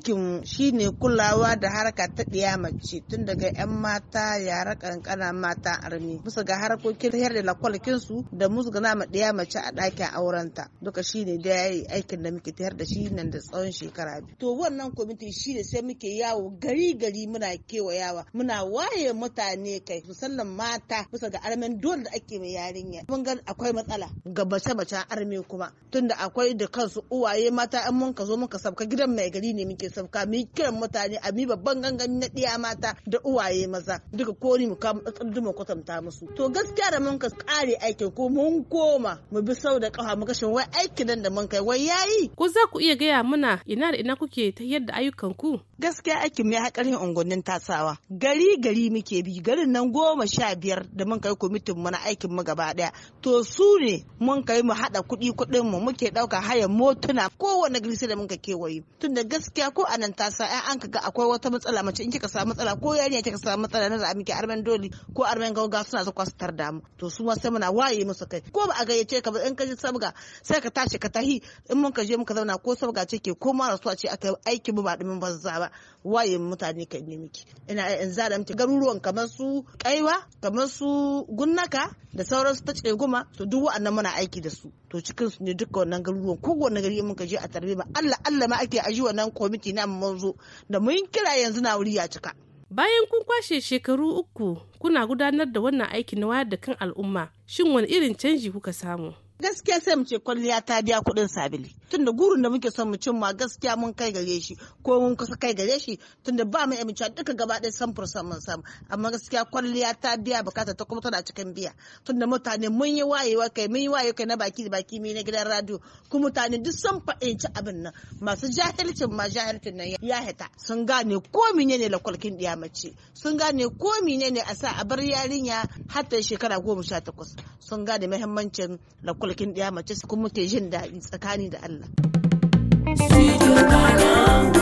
aikin shine kulawa da harka ta ɗiya mace tun daga 'yan mata yara kankana mata armi bisa ga harkokin her da lakwalkin su da musu gana ma ɗiya mace a ɗakin aurenta duka shine da yayi aikin da muke tayar da shi nan da tsawon shekara biyu to wannan kwamiti shine sai muke yawo gari gari muna kewayawa muna waye mutane kai musamman mata bisa ga armin dole da ake mai yarinya mun ga akwai matsala ga bace bace arme kuma tunda akwai da kansu uwaye mata an mun ka zo muka ka sabka gidan mai gari ne muke sauka mu kiran mutane a mi babban gangami na ɗiya mata da uwaye maza duka kori mu kama tsatsar mu kwatanta musu to gaskiya da mun ka kare aikin ko mun koma mu bi sau da ƙafa mu kashe wai aikin nan da mun kai wai yayi ko za ku iya gaya muna ina da ina kuke ta yadda ayyukan ku gaskiya aikin mu ya haƙarin unguwannin tasawa gari gari muke bi garin nan goma sha biyar da mun kai kwamitin mu na aikin mu gaba daya to su ne mun kai mu haɗa kuɗi kuɗin mu muke ɗauka haya motuna kowane gari da mun ka kewaye tunda gaskiya ko anan ta sa an ka ga akwai wata matsala mace in kika samu matsala ko yarinya kika samu matsala na za'a miki armen doli ko armen gauga suna zuwa su tar damu to su ma sai muna waye musu kai ko ba a gayyace ka in ka ji sabga sai ka tashi ka tahi in mun ka je muka zauna ko sabga ce ke ko ma rasuwa ce aka aiki mu ba dumin banza ba waye mutane kai yi miki ina in miki garuruwan kamar su kaiwa kamar su gunnaka da sauran su ta ce goma to duk wa'annan muna aiki da su to cikin su ne duka wannan garuruwan kowanne gari mun ka je a tarbe ba Allah Allah ma ake aji wannan komiti na mun zo da mun kira yanzu na wuri ya cika bayan kun kwashe shekaru uku kuna gudanar da wannan aiki na wayar da kan al'umma shin wani irin canji kuka samu gaskiya sai mu ce kwalliya ta biya kuɗin sabili tunda gurin da muke son mu cimma gaskiya mun kai gare shi ko mun kusa kai gare shi tunda ba mu amincewa duka gaba ɗaya samfur samun samu amma gaskiya kwalliya ta biya bukata ta kuma tana cikin biya tunda mutane mun yi wayewa kai mun yi wayewa kai na baki da baki mai na gidan radio kuma mutane duk sun faɗinci abin nan masu jahilcin ma jahilcin nan ya hita sun gane ko ne lakwalkin ɗiya mace sun gane ko ne a sa a bar yarinya har ta shekara goma sha takwas sun gane muhimmancin lakwalkin ɗiya mace kuma ke jin daɗi tsakani da Allah Studio Malambo.